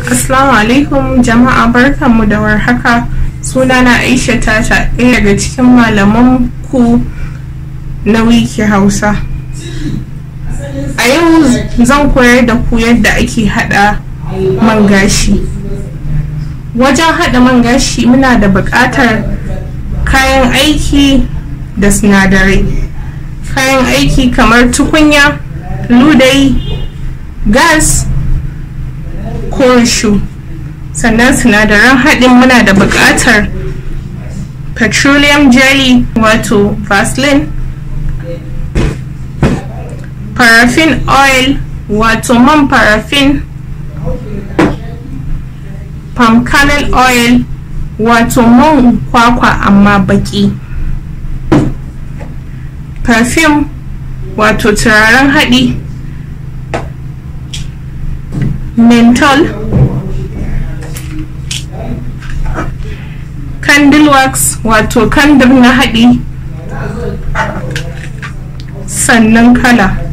Assalamu alaikum jama'a barkanmu da warhaka na Aisha Tata ɗaya daga cikin malaman ku na wiki Hausa. A yau zan koyar da ku yadda ake haɗa man gashi. Wajen haɗa man gashi muna da buƙatar kayan aiki da sinadarai. Kayan aiki kamar tukunya, ludai, gas, korishu sannan sinadaran haɗin muna da buƙatar petroleum jelly wato vaseline paraffin oil wato man paraffin palm kernel oil wato man kwakwa amma baki perfume wato turaren haɗi menthol candle wax wato candle na haɗi sannan kala